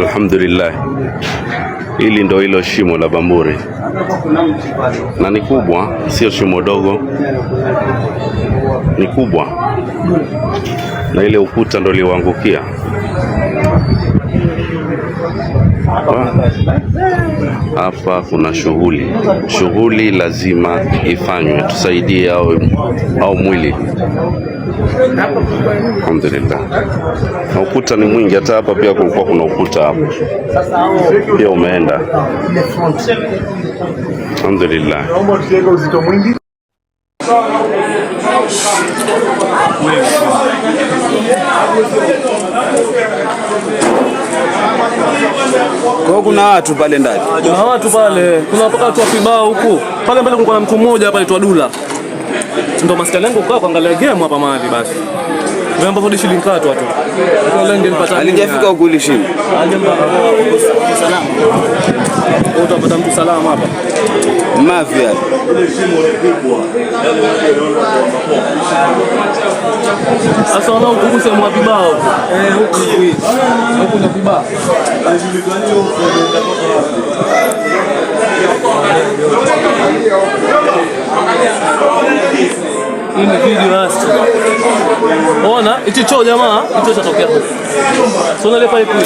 Alhamdulillah, hili ndo hilo shimo la Bamburi na ni kubwa, sio shimo dogo, ni kubwa, na ile ukuta ndo liuangukia. Hapa kuna shughuli, shughuli lazima ifanywe, tusaidie au, au mwili Alhamdulillah. Na ukuta ni mwingi, hata hapa pia kulikuwa kuna ukuta hapo pia umeenda. Alhamdulillah. Kwa kuna watu pale ndani, kuna watu pale, kuna mpaka watu wa kibao huku pale mbele, kuna mtu mmoja hapa anaitwa Dula ndo master lengo kwa kuangalia game hapa mahali basi vyamba vodi shilingi tatu tu. Kwa lengo ndio nipata. Alijafika huko ile shilingi. Alijapata salama. Utapata mtu salama hapa. Mafia. Sasa wana ukugusa mwa vibao. Eh, huko huko na vibao. Amazing. Hii ni video hasa. Ona hicho cho jamaa, hicho chatokea.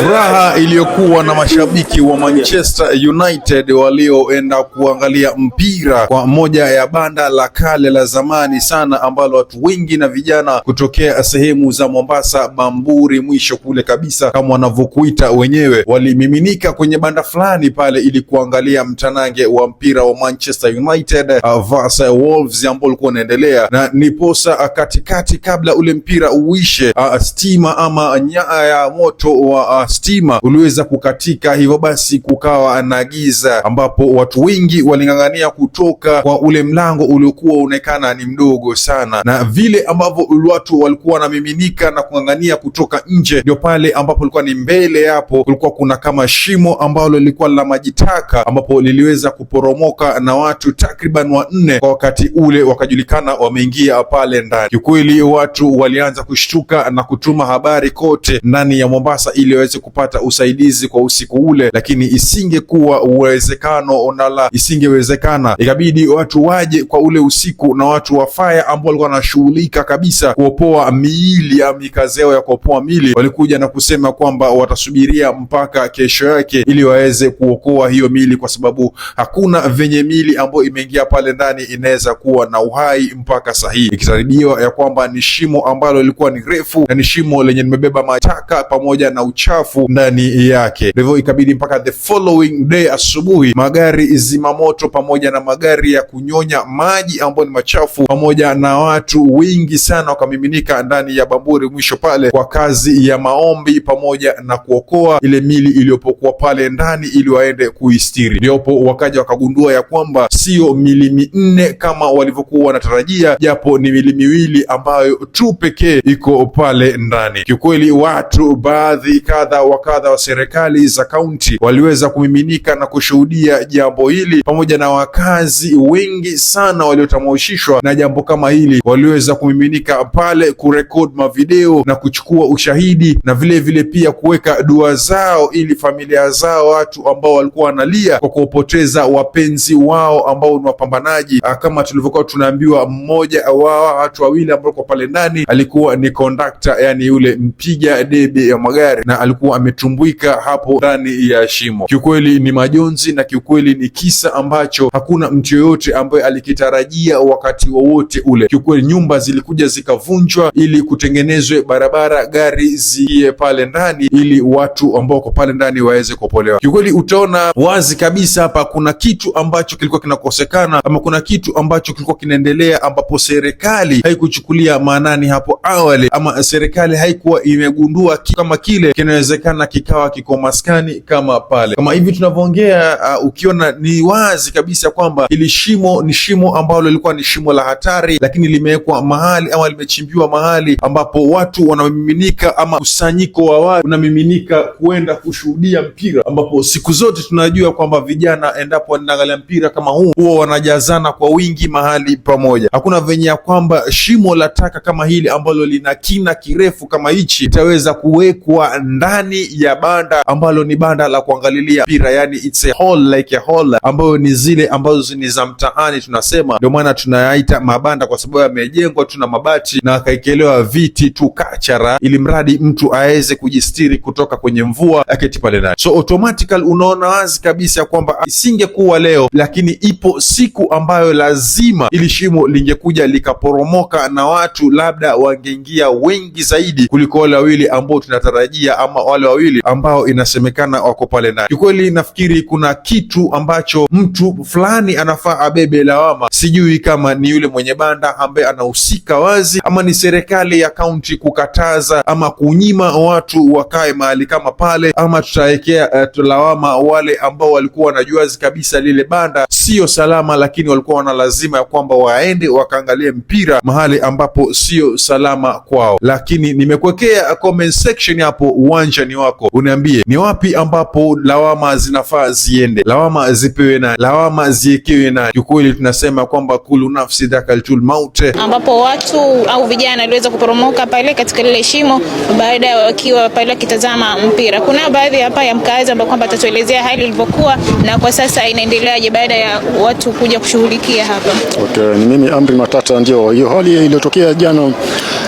Furaha iliyokuwa na mashabiki wa Manchester United walioenda kuangalia mpira kwa moja ya banda la kale la zamani sana ambalo watu wengi na vijana kutokea sehemu za Mombasa, Bamburi mwisho kule kabisa kama wanavyokuita wenyewe, walimiminika kwenye banda fulani pale ili kuangalia mtanange wa mpira wa Manchester United uh, versus Wolves ambao ulikuwa unaendelea na niposa ah, katikati, kabla ule mpira uishe, uh, stima ama nyaa ya moto wa uh, stima uliweza kukatika, hivyo basi kukawa na giza, ambapo watu wengi waling'ang'ania kutoka kwa ule mlango uliokuwa uonekana ni mdogo sana, na vile ambavyo watu walikuwa wanamiminika na kung'ang'ania kutoka nje, ndio pale ambapo ilikuwa ni mbele hapo kulikuwa kuna kama shimo ambalo lilikuwa la maji taka, ambapo liliweza kuporomoka na watu takriban wanne kwa wakati ule wakajulikana wameingia kuingia pale ndani. Kiukweli watu walianza kushtuka na kutuma habari kote ndani ya Mombasa ili waweze kupata usaidizi kwa usiku ule, lakini isingekuwa uwezekano nala isingewezekana. Ikabidi watu waje kwa ule usiku na watu wa fire ambao walikuwa wanashughulika kabisa kuopoa miili ya mikazi yao ya kuopoa miili walikuja na kusema kwamba watasubiria mpaka kesho yake ili waweze kuokoa hiyo miili, kwa sababu hakuna venye miili ambayo imeingia pale ndani inaweza kuwa na uhai mpaka sahi hii, ikitarajiwa ya kwamba ni shimo ambalo lilikuwa ni refu na ni shimo lenye limebeba mataka pamoja na uchafu ndani yake. Hivyo ikabidi mpaka the following day asubuhi magari zimamoto pamoja na magari ya kunyonya maji ambayo ni machafu pamoja na watu wingi sana wakamiminika ndani ya Bamburi mwisho pale kwa kazi ya maombi pamoja na kuokoa ile mili iliyopokuwa pale ndani ili waende kuistiri. Ndiopo wakaja wakagundua ya kwamba siyo mili minne kama walivyokuwa wanatarajia japo japo ni mili miwili ambayo tu pekee iko pale ndani. Kiukweli watu baadhi kadha wa kadha wa serikali za kaunti waliweza kumiminika na kushuhudia jambo hili, pamoja na wakazi wengi sana waliotamaushishwa na jambo kama hili waliweza kumiminika pale kurekod mavideo na kuchukua ushahidi na vile vile pia kuweka dua zao ili familia zao, watu ambao walikuwa wanalia kwa kuwapoteza wapenzi wao ambao ni wapambanaji, ah, kama tulivyokuwa tunaambiwa mmoja wa watu wawili ambao kwa pale ndani alikuwa ni kondakta, yani yule mpiga debe ya magari, na alikuwa ametumbuika hapo ndani ya shimo. Kiukweli ni majonzi na kiukweli ni kisa ambacho hakuna mtu yoyote ambaye alikitarajia wakati wowote wa ule. Kiukweli nyumba zilikuja zikavunjwa ili kutengenezwe barabara, gari ziie pale ndani ili watu ambao wako pale ndani waweze kuopolewa. Kiukweli utaona wazi kabisa hapa kuna kitu ambacho kilikuwa kinakosekana ama kuna kitu ambacho kilikuwa kinaendelea ambapo seri serikali haikuchukulia maanani hapo awali, ama serikali haikuwa imegundua kama kile kinawezekana kikawa kiko maskani kama pale. Kama hivi tunavyoongea, uh, ukiona ni wazi kabisa kwamba ili shimo ni shimo ambalo lilikuwa ni shimo la hatari, lakini limewekwa mahali ama limechimbiwa mahali ambapo watu wanamiminika ama kusanyiko wa watu unamiminika kuenda kushuhudia mpira, ambapo siku zote tunajua kwamba vijana endapo wanaangalia mpira kama huu huwa wanajazana kwa wingi mahali pamoja, hakuna venye ya kwamba shimo la taka kama hili ambalo lina kina kirefu kama hichi itaweza kuwekwa ndani ya banda ambalo ni banda la kuangalilia mpira, yani it's a hall like a hall, ambayo ni zile ambazo ni za mtaani tunasema, ndio maana tunayaita mabanda kwa sababu yamejengwa tu na mabati na akaekelewa viti tu kachara, ili mradi mtu aweze kujistiri kutoka kwenye mvua aketi pale ndani. So automatical unaona wazi kabisa ya kwamba isingekuwa leo, lakini ipo siku ambayo lazima ili shimo lingekuja li ikaporomoka na watu labda wangeingia wengi zaidi kuliko wale wawili ambao tunatarajia ama wale wawili ambao inasemekana wako pale ndani. Kiukweli nafikiri kuna kitu ambacho mtu fulani anafaa abebe lawama, sijui kama ni yule mwenye banda ambaye anahusika wazi ama ni serikali ya kaunti kukataza ama kunyima watu wakae mahali kama pale, ama tutawekea uh, eh, lawama wale ambao walikuwa wanajuazi kabisa lile banda siyo salama, lakini walikuwa wana lazima ya kwamba waende wakaangalie mpira mahali ambapo sio salama kwao, lakini nimekuwekea comment section hapo, uwanja ni wako, uniambie ni wapi ambapo lawama zinafaa ziende, lawama zipewe na lawama ziekewe na. Kiukweli tunasema kwamba kulu nafsi dhakaltul maute, ambapo watu au vijana waliweza kuporomoka pale katika lile shimo baada ya wakiwa pale wakitazama mpira. Kuna baadhi hapa ya mkazi ambao kwamba atatuelezea hali ilivyokuwa na kwa sasa inaendeleaje baada ya watu kuja kushughulikia hapa. Okay, ni mimi Amri Matata sasa ndio hiyo hali iliyotokea jana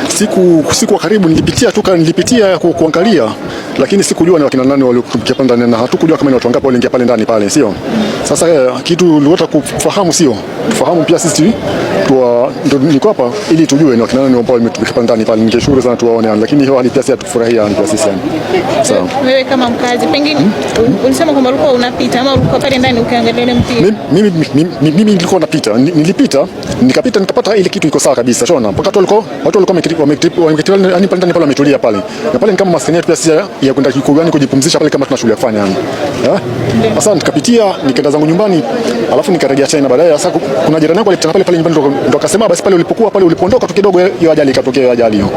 siku siku wa karibu nilipitia tu nilipitia ku, kuangalia lakini sikujua ni wakina nani walikuja pale ndani na hatukujua kama ni watu wangapi waliingia pale ndani pale, sio? Sasa eh, kitu nilitaka kufahamu, sio? Tufahamu pia sisi tuwa niko hapa ili tujue ni kina nani ambao wametupeleka ndani pale. Ningeshauri sana tuwaone, lakini hiyo hali pia si hatufurahia pia sisi yani. Sawa. Wewe kama mkazi pengine hmm? ulisema kwamba ulikuwa unapita ama ulikuwa pale ndani ukiangalia ile mpira? Mimi mimi nilikuwa napita, nilipita nikapita nikapata ile kitu iko sawa kabisa, shona mpaka watu walikuwa watu walikuwa wamekitiwa yani pale ndani pale wametulia pale na pale ni kama maskani yetu pia si ya kwenda kikugani kujipumzisha pale kama tuna shughuli ya kufanya yani. Sasa nikapitia nikaenda zangu nyumbani, alafu nikarejea tena baadaye. Sasa kuna jirani yangu alipita pale pale nyumbani ndo akasema basi pale ulipokuwa pale ulipoondoka tu kidogo, eh, hiyo ajali ikatokea, hiyo ajali hiyo.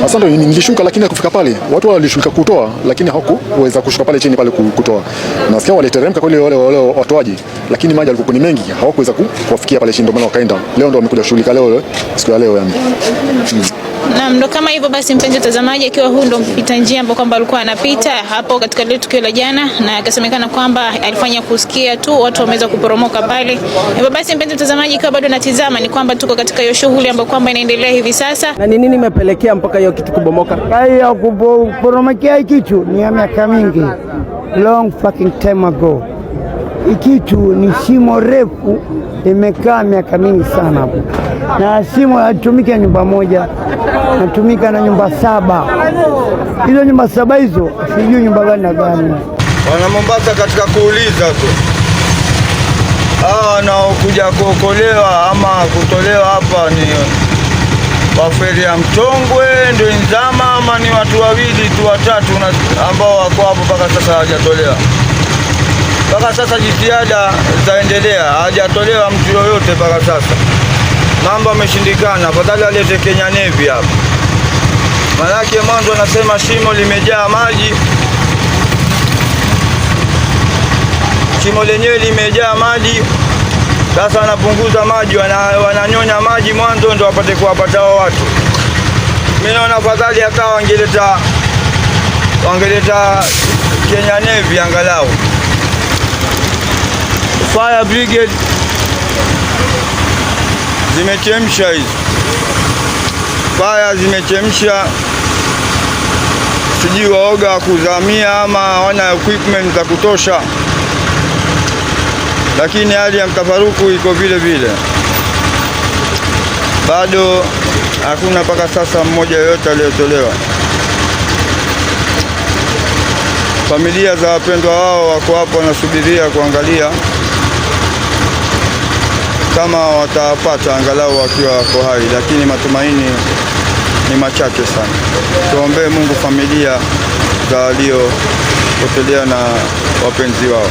Sasa ndo nilishuka, lakini hakufika pale, watu walishuka kutoa, lakini hawakuweza kushuka pale chini pale kutoa. Nasikia waliteremka kweli wale wale watoaji, lakini maji yalikuwa ni mengi, hawakuweza kuwafikia pale chini, ndo maana wakaenda. Leo ndo wamekuja shughulika leo, eh, siku ya leo yani mm. Naam, ndo kama hivyo basi, mpenzi mtazamaji, akiwa huu ndo mpita njia ambao kwamba alikuwa anapita hapo katika lile tukio la jana, na akasemekana kwamba alifanya kusikia tu watu wameweza kuporomoka pale. Hivyo basi, mpenzi mtazamaji, ikiwa bado natizama ni kwa kwamba tuko katika hiyo shughuli ambayo kwamba inaendelea hivi sasa. Na ni nini imepelekea mpaka hiyo kitu kubomoka? Hiyo kuporomokea kitu ni ya miaka mingi, long fucking time ago. Ikitu ni shimo refu, imekaa miaka mingi sana hapo, na shimo hatumiki nyumba moja, natumika na nyumba saba. Hizo nyumba saba hizo sijui nyumba gani na gani. Wana Mombasa katika kuuliza tu hawa ah, wanaokuja kuokolewa ama kutolewa hapa ni waferi ya Mtongwe, inzama ama ni watu wawili tu watatu ambao wako hapo mpaka sasa hawajatolewa. Mpaka sasa jitihada zaendelea, hawajatolewa mtu yoyote mpaka sasa. Mambo ameshindikana, afadhali alete Kenya Nevi hapa, manake mwanzo anasema shimo limejaa maji. Shimo lenyewe limejaa maji, sasa wanapunguza maji, wananyonya maji mwanzo ndo wapate kuwapata hao watu. Mimi naona afadhali hata wangeleta wangeleta Kenya Navy angalau fire brigade zimechemsha hizi faya zimechemsha, sijui waoga kuzamia ama hawana equipment za kutosha lakini hali ya mtafaruku iko vile vile, bado hakuna mpaka sasa mmoja yoyote aliyotolewa. Familia za wapendwa wao wako hapo wanasubiria kuangalia kama watapata angalau wakiwa wako hai, lakini matumaini ni machache sana. Tuombee Mungu familia za waliopotelea na wapenzi wao.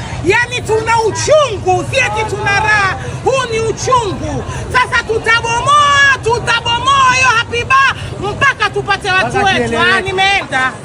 yani tuna uchungu, sieti tuna raha, huu ni uchungu. Sasa tutabomoa, tutabomoa hiyo hapiba mpaka tupate watu wetu. Ah, nimeenda.